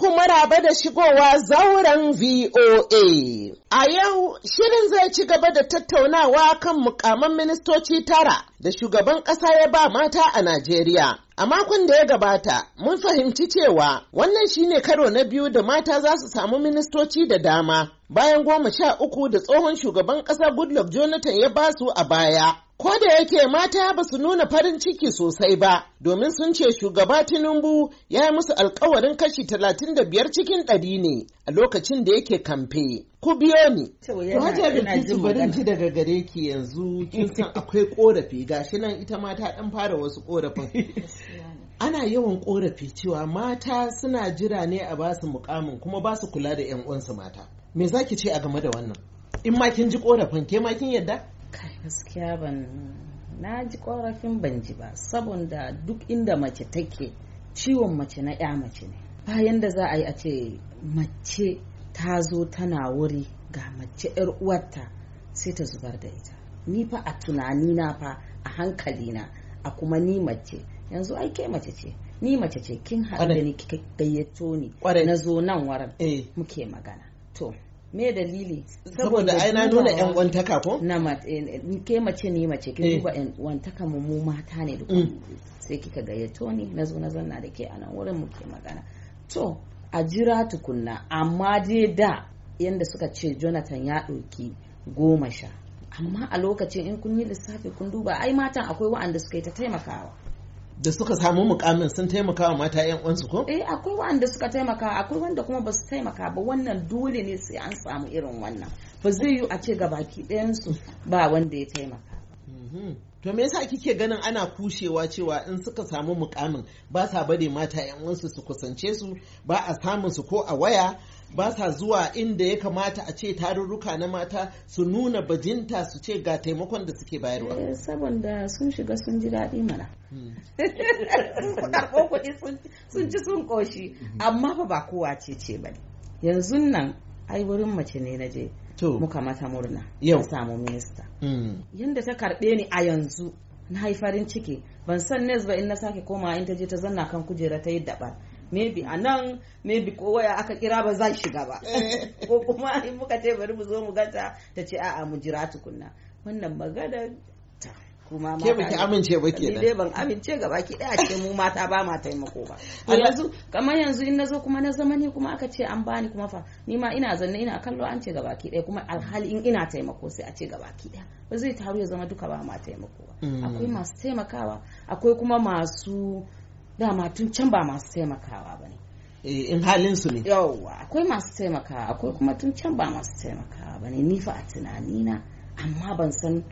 muku maraba da shigowa zauren VOA. A yau shirin zai ci gaba da tattaunawa kan mukaman ministoci tara da shugaban ƙasa ya ba mata a Najeriya. A makon da ya gabata, mun fahimci cewa wannan shine karo na biyu da mata za su samu ministoci da dama bayan goma sha uku da tsohon shugaban ƙasa Goodluck Jonathan ya basu a baya. Ko da yake mata ba su nuna farin ciki sosai ba, domin sun ce shugaba Tinubu ya yi musu alkawarin kashi talatin da biyar cikin ɗari ne a lokacin da yake kamfe. Ku biyo ni. Hajiya barin ji daga gare ki yanzu kin san akwai korafi gashi nan ita mata ɗan fara wasu korafin. Ana yawan korafi cewa mata suna jira ne a basu mukamin kuma basu kula da 'yan uwansu mata. Me za ki ce a game da wannan? In ma kin ji ƙorafin ke ma kin yadda? kai gaskiya ban na ji korafin ban ji ba saboda duk inda mace take ciwon mace na ya mace ne bayan da za a yi a ce mace ta zo tana wuri ga mace yar uwarta sai ta zubar da ita ni fa a tunani na fa a hankali na a kuma ni mace yanzu ai ke mace ce ni mace ce kin haɗu da ni kika gayyato ni na zo nan waran eh. muke magana to me dalili saboda ai na nuna yan wantaka ko na eh, eh, ke mace ne mace ki eh. duba yan wantaka mu mu mata ne duk mm. sai kika gayyato ni na zo na zanna da ke a nan wurin mu ke magana to a jira tukunna amma dai da yanda suka ce Jonathan ya ɗauki goma sha amma a lokacin in kun yi lissafi kun duba ai matan akwai wa'anda suka yi ta taimakawa da suka samu mukamin sun taimaka wa mata yan uwansu ko eh akwai wanda suka taimaka akwai wanda kuma basu taimaka ba wannan dole ne sai an samu irin wannan ba zai yi a ce ga baki ɗayan su ba wanda ya taimaka mhm. to me yasa kike ganin ana kushewa cewa in suka samu mukamin ba sa bade mata yan uwansu su kusance su ba a samun su ko a waya ba sa zuwa inda ya kamata a ce tarurruka na mata su nuna bajinta su ce ga taimakon da suke bayarwa eh, saboda sun shiga sun ji daɗi mana sun hmm. kuɗi sun ci sun ƙoshi hmm. amma fa ba kowa ce ce ba yanzu nan ai wurin mace ne na je muka mata murna yau samu minista hmm. yanda ta karɓe ni a yanzu na haifarin ciki ban san nes ba in na sake koma in ta je ta zanna kan kujera ta yi daɓar maybe a nan maybe ko waya aka kira ba za shiga ba eh. ko kuma in muka ce bari mu zo mu ganta ta ce a'a mu jira tukunna wannan magana ta kuma ke baki amince ba ke dai ban amince ga baki daya ce mu mata ba ma taimako ba to yanzu kamar yanzu in nazo kuma na zama kuma aka ce an bani kuma fa ni ma ina zanne ina kallo an ce ga baki daya kuma alhali in ina taimako sai a ce ga baki daya ba zai taru ya zama duka ba ma taimako ba hmm. akwai masu taimakawa akwai kuma masu dama tun can ba masu taimakawa ba ne eh, in halin su ne yawwa akwai masu taimakawa akwai kuma tun can ba masu taimakawa ba ne ni fa a tunanina amma ban san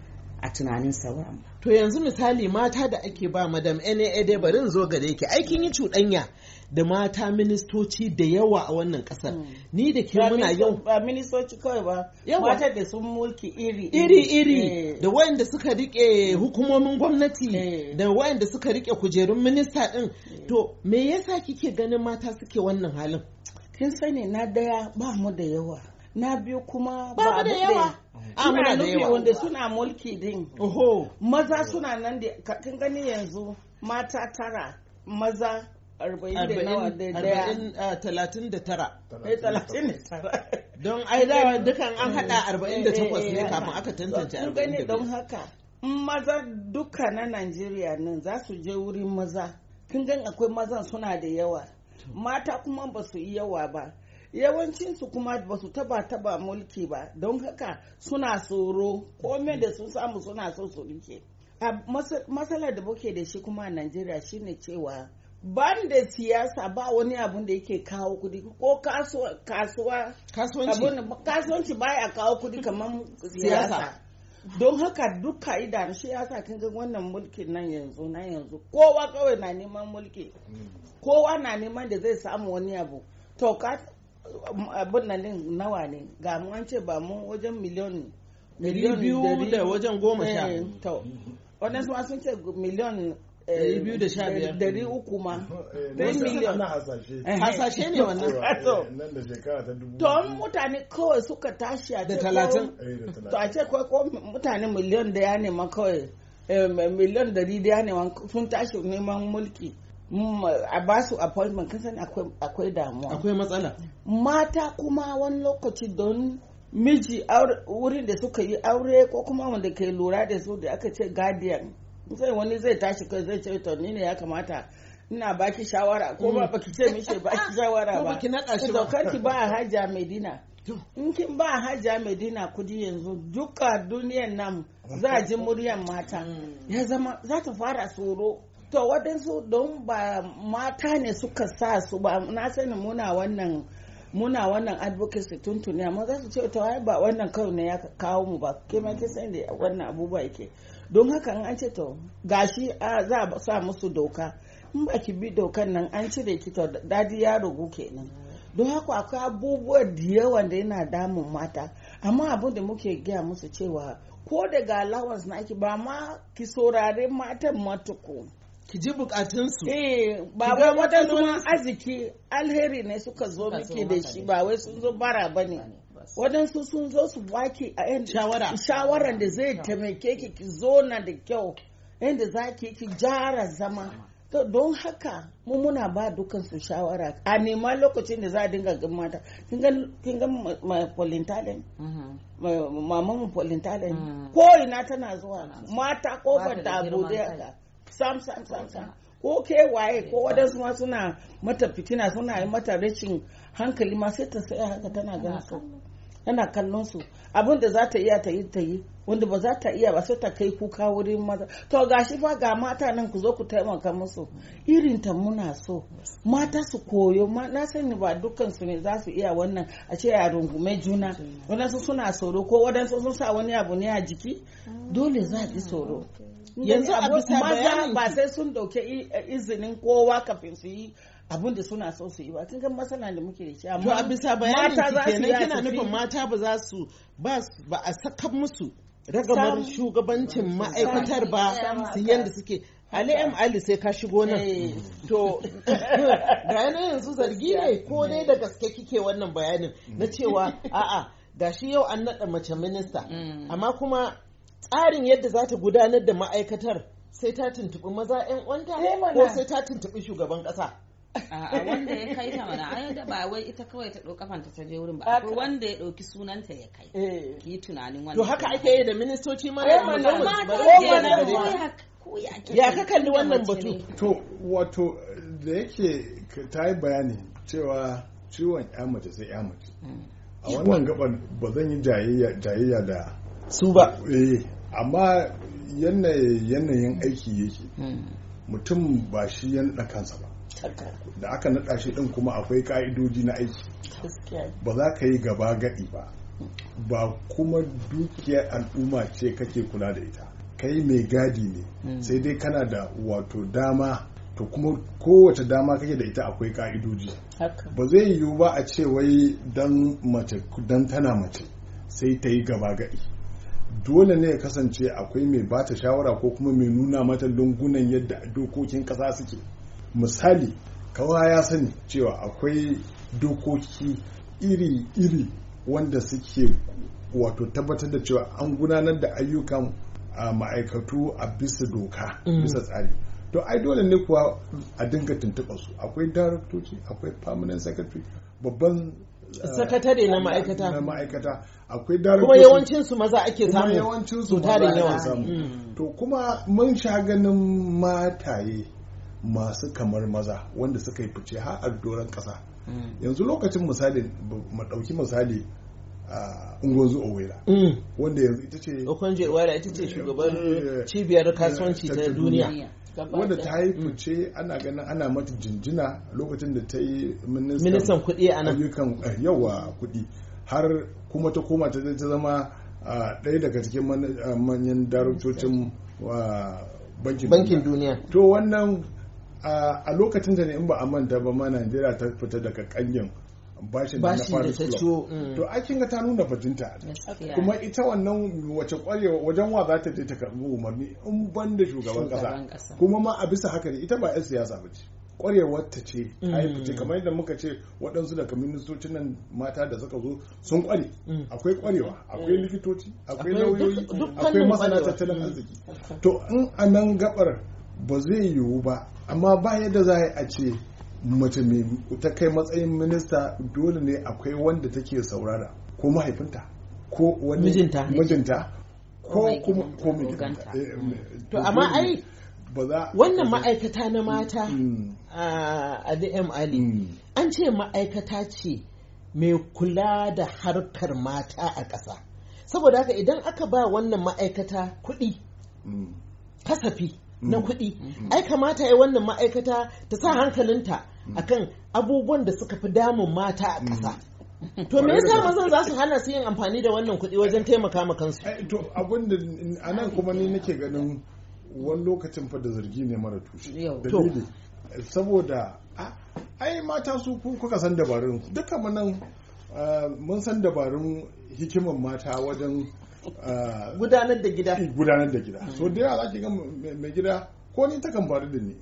a tunanin sauran To yanzu misali mata da ake ba madam NAA dai barin zo gare ki aikin yi cuɗanya da mata ministoci da yawa a wannan kasar. Hmm. Ni da ke muna yau. Ba ministoci kawai ba. Mata da sun mulki iri. Iri iri. Eh. Da wayanda suka rike hmm. hukumomin gwamnati. Eh. Da wayanda suka rike kujerun minista din. Eh. To me yasa kike ganin mata suke wannan halin? Kin sani na daya ba mu da yawa. Na biyu kuma ba mu da yawa. suna nufi wanda suna mulki din maza suna nan da kan gani yanzu mata tara maza arba'in da nawa da daya ah, talatin da tara eh, talatin da tara don ai dawa eh, dukan an hada eh, arba'in da takwas ne kafin aka tantance arba'in da don haka maza duka na najeriya nan za su je wurin maza kin gan akwai mazan suna da yawa mata kuma ba su yi yawa ba yawancinsu kuma ba su taba taba mulki ba don haka suna tsoro kome da sun samu suna so su rike a matsalar da muke da shi kuma a najeriya shine cewa ban da siyasa ba wani abun da yake kawo kudi ko kasuwa kasuwanci baya kawo kudi kamar siyasa don haka duka idan shi ya sa kin wannan mulkin nan yanzu na yanzu kowa kawai na neman mulki mm. kowa na neman da zai samu wani abu to abin nan din nawa ne ga mu an ce ba mu wajen miliyon miliyon biyu da wajen goma sha eh, to waɗansu ma sun ce miliyon eh, biyu da sha biyar dari uku ma dari eh, miliyon hasashe ne wannan don mutane kawai suka tashi a da talatin to a ce kawai ko mutane miliyon da ya nema kawai miliyon dari da ya nema sun tashi neman mulki a ba su appointment kan sani akwai damuwa akwai matsala mata kuma wani lokaci don miji wurin da suka yi aure ko kuma wanda ke lura da su da aka ce guardian sai wani zai tashi kai zai ce to ni ne ya kamata ina baki shawara ko ba mm. baki ce mishi baki shawara ba ki naka shi ba ki ba hajja medina in kin ba hajja medina kudi yanzu duka duniyan nan za a ji muryan mata mm. ya zama za ta fara tsoro to waɗansu don ba mata ne suka sa su ba na sani muna wannan muna wannan advocacy tuntuni amma za su ce to ai ba wannan kawai ne ya kawo mu ba ke ma ke sani da wannan abubuwa yake don haka an ce to gashi za a sa musu doka in ba ki bi dokan nan an cire ki to dadi ya rugu kenan don haka akwai abubuwa da yawa da yana damun mata amma abin da muke gaya musu cewa ko daga allowance naki ba ma ki saurari matan matuku ki ji bukatunsu eh ba wai wata arziki alheri ne suka zo miki da shi ba wai sun zo bara bane waɗansu sun zo su baki a yan shawara da zai taimake ki ki zo na da kyau yadda za ki ki jara zama to don haka mu muna ba dukan su shawara a nema lokacin da za a dinga gan mata kin ga polintalen mm-hmm. maman polintalen mm. ko ina tana zuwa mata kofar da abu da sam sam sam sam ko ke waye ko wadansu ma suna mata fitina suna yi mata rashin hankali ma sai ta saya haka tana gan su tana kallon su abin da za ta iya ta yi ta yi wanda ba za ta iya ba sai ta kai kuka wurin maza to gashi fa ga mata nan ku zo ku taimaka musu irin ta muna so mata su koyo ma na sani ba dukkan su ne za su iya wannan a ce a rungume juna wadansu suna tsoro ko wadansu sun sa wani abu ne a jiki dole za ji tsoro yanzu a maza ba sai sun dauke eh, izinin kowa kafin su yi abin da suna so su yi ba tun kan masana da muke da shi amma a bisa bayanin kina nufin mata ba za su ba a saka musu ragamar shugabancin ma'aikatar ba su yanda suke Ali M Ali sai ka shigo nan. Eh, to ga yanzu zargi ne ko dai da gaske kike wannan bayanin na cewa a'a gashi yau an naɗa mace minista mm. amma kuma tsarin yadda za ta gudanar da ma'aikatar sai ta tuntuɓi maza 'yan uwanta eh, ko sai ta tuntuɓi shugaban ƙasa. A'a wanda ya kai ta mana ai da ba wai ita kawai ta ɗauka fanta ta je wurin ba akwai wanda ya ɗauki sunanta ya kai eh. ki yi tunanin wannan. To haka ake yi da ministoci ma eh, da ya ka kalli wannan batu. To wato da yake ta yi bayani cewa ciwon ya mace sai ya mace. A wannan gaban ba zan yi jayayya da su ba eh, amma yanayin aiki yake hmm. mutum ba shi ya naɗa kansa ba da aka naɗa shi ɗin kuma akwai ƙa'idoji na aiki ba za ka yi gaba gaɗi ba hmm. ba kuma dukiyar al'umma ce kake kula da ita kai mai gadi ne hmm. sai dai kana da wato dama to kuma kowace dama kake da ita akwai ƙa'idoji ba zai yiwu ba a ce wai dan mace dan tana mace sai ta yi gaba gaɗi dole ne ya kasance akwai mai ba ta shawara ko kuma mai nuna mata lungunan yadda dokokin ƙasa suke misali kawa ya sani cewa akwai dokoki iri-iri wanda suke wato tabbatar da cewa an gudanar da ayyukan ma'aikatu a bisa doka mm. bisa tsari to ai dole ne kuwa a dinga tuntuɓa su akwai daraktoci akwai permanent secretary babban Eh, sakatare na ma'aikata na ma'aikata akwai dare kuma yawancin su maza ake samu Kuma yawancin su tare yawa mm. to kuma mun sha ganin mataye masu kamar maza wanda suka yi fice har a doron kasa mm. yanzu lokacin misali mu dauki misali a ungozu owela mm. wanda yanzu ita ce okonje owera ita ce shugaban eh, cibiyar kasuwanci eh, ta duniya wanda ta haifu mm. ce ana ganin ana mata jinjina lokacin da ta yi ministan kuɗi a nan ayyukan eh, yawa kuɗi har kuma ta koma ta zama ɗaya daga cikin manyan darucocin bankin duniya to wannan a lokacin da ne in ba a manta ba ma najeriya ta fita daga kanyan bashin da na Paris Club mm. to a kin ga ta nuna bajinta kuma ita wannan wace kwarewa wajen wa za ta je ta karbi umarni in ban shugaban kasa kuma ma a bisa haka ne ita ba 'yan siyasa ba ce kwarewar ta ce fice mm. kamar yadda muka ce waɗansu daga ministocin nan mata da suka zo sun kware mm. akwai kwarewa akwai likitoci akwai lauyoyi akwai masana tattalin arziki to in a nan gabar ba zai yiwu ba amma ba yadda za a ce mace mai ta kai matsayin minista dole ne akwai wanda take saurara ko mahaifinta ko wani mijinta mijinta ko kuma ko mijinta eh, eh, to amma ai wannan ma'aikata na mm. mata a dm mm. ah, ali mm. an ce ma'aikata ce mai kula da harkar mata a ƙasa saboda haka idan aka ba wannan ma'aikata kuɗi kasafi na mm. kuɗi mm. ai kamata ya wannan ma'aikata ta sa hankalinta mm. akan abubuwan da suka fi damun mata a ƙasa to me yasa mazan za su hana su yin amfani da wannan kuɗi wajen taimaka ma kansu to abin da anan kuma ni nake ganin wani lokacin fa da zargi ne mara tushe dalili saboda ai mata su kuka san dabarun duka mu nan eh, mun san dabarun hikiman mata wajen Eh, gudanar da gida gudanar da gida so hmm. da za zaki ga mai gida ko ni takan faru da ni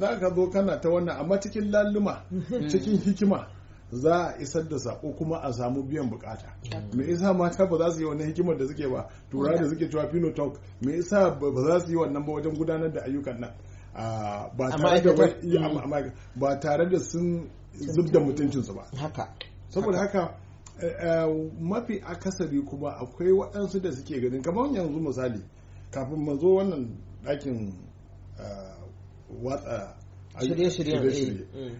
za ka zo kana ta wannan amma cikin laluma. Hmm. cikin hikima za a isar da sako kuma a samu biyan bukata me isa mata ba za su yi wannan hikimar da suke ba tura da suke cewa pino talk me isa ba za su yi wannan ba wajen gudanar da ayyukan nan ah, ba tare da sun zub da mutuncinsu ba saboda haka Eh, eh, mafi akasari kuma akwai waɗansu da suke ganin kamar yanzu misali kafin mu zo wannan ɗakin eh, watsa shirye-shirye mm.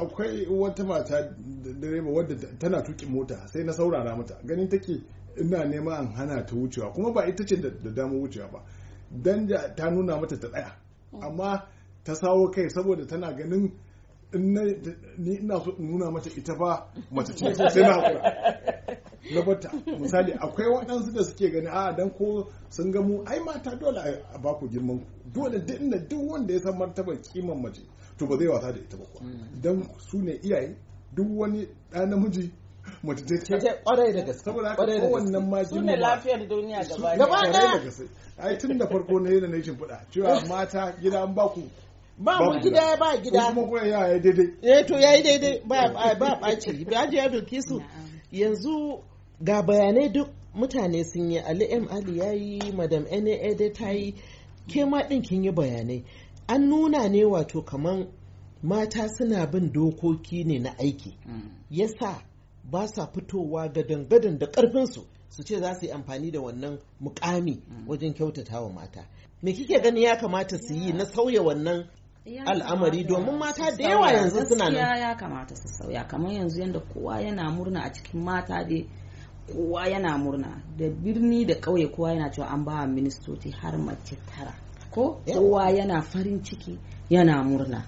akwai wata mata direba wadda tana tuki mota sai na saurara mata ganin take ina nema an hana ta wucewa kuma ba ita ce da dama wucewa ba danja ta nuna mata ta tsaya mm. amma ta sawo kai saboda tana ganin ni ina so in nuna mata ita ba mace ce sai na hakura na bata misali akwai waɗansu da suke gani a ah, dan ko sun ga mu ai mata dole a ba ku girman ku dole duk inda duk wanda ya san martabar kiman mace to ba zai wasa da ita ba kuwa mm. dan su ne iyaye duk wani ɗa namiji mace ce ce kwarai da gaske saboda haka kowannen ma su ne lafiyar duniya gaba ɗaya ai tun da farko na yi da na yi shimfiɗa cewa eh. mata gida an ba ku ba mu gida ba gida kuma kuma ya daidai eh to ya daidai ba ba ɓaci ba ya su yanzu ga bayanai duk mutane sun yi ali m ali ya yi madam na dai ta yi ke ma din kin yi bayanai an nuna ne wato kaman mata suna bin dokoki ne na aiki mm. yasa ba sa fitowa gadan-gadan da karfinsu su ce za su yi amfani da wannan mukami mm. wajen kyautatawa mata me kike gani ya kamata su yi na sauya wannan al'amari domin mata da yawa yanzu suna nan ya kamata su sauya kamar yanzu yadda kowa yana murna a cikin mata dai kowa yana murna da birni da ƙauye kowa yana cewa an ba ministoci har mace tara ko kowa yana farin ciki yana murna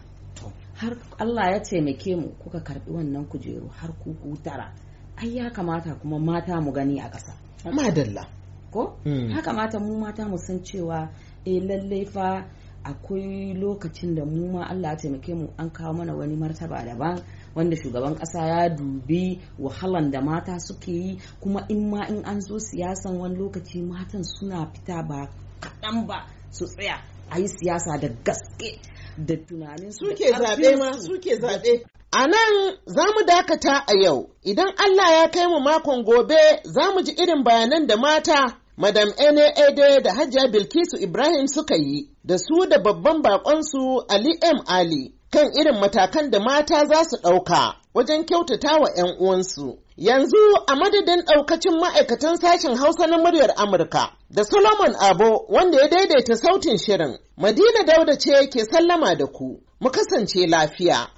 har Allah ya taimake mu kuka karbi wannan kujeru har ku tara ai ya kamata kuma mata mu gani a ƙasa madalla ko hmm. ya kamata mu mata mu san cewa eh lallai fa akwai lokacin da mu ma Allah ya taimake mu an kawo mana wani martaba daban wanda shugaban kasa ya dubi wahalan da mata suke yi kuma in ma in an zo siyasan wani lokaci matan suna fita ba kaɗan ba su tsaya a yi siyasa da gaske da tunanin su suke zaɓe ma suke zaɓe A nan za mu dakata a yau, idan Allah ya kai mu makon gobe za mu ji irin bayanan da mata Madam Ene Ede da Hajiya Bilkisu Ibrahim suka yi da su da babban bakonsu Ali M. Ali kan irin matakan da mata za su ɗauka wajen kyautata wa 'yan uwansu. Yanzu a madadin ɗaukacin ma'aikatan sashen Hausa na muryar Amurka da Solomon Abo wanda ya daidaita sautin shirin, Madina Dauda ce ke sallama da ku, mu kasance lafiya.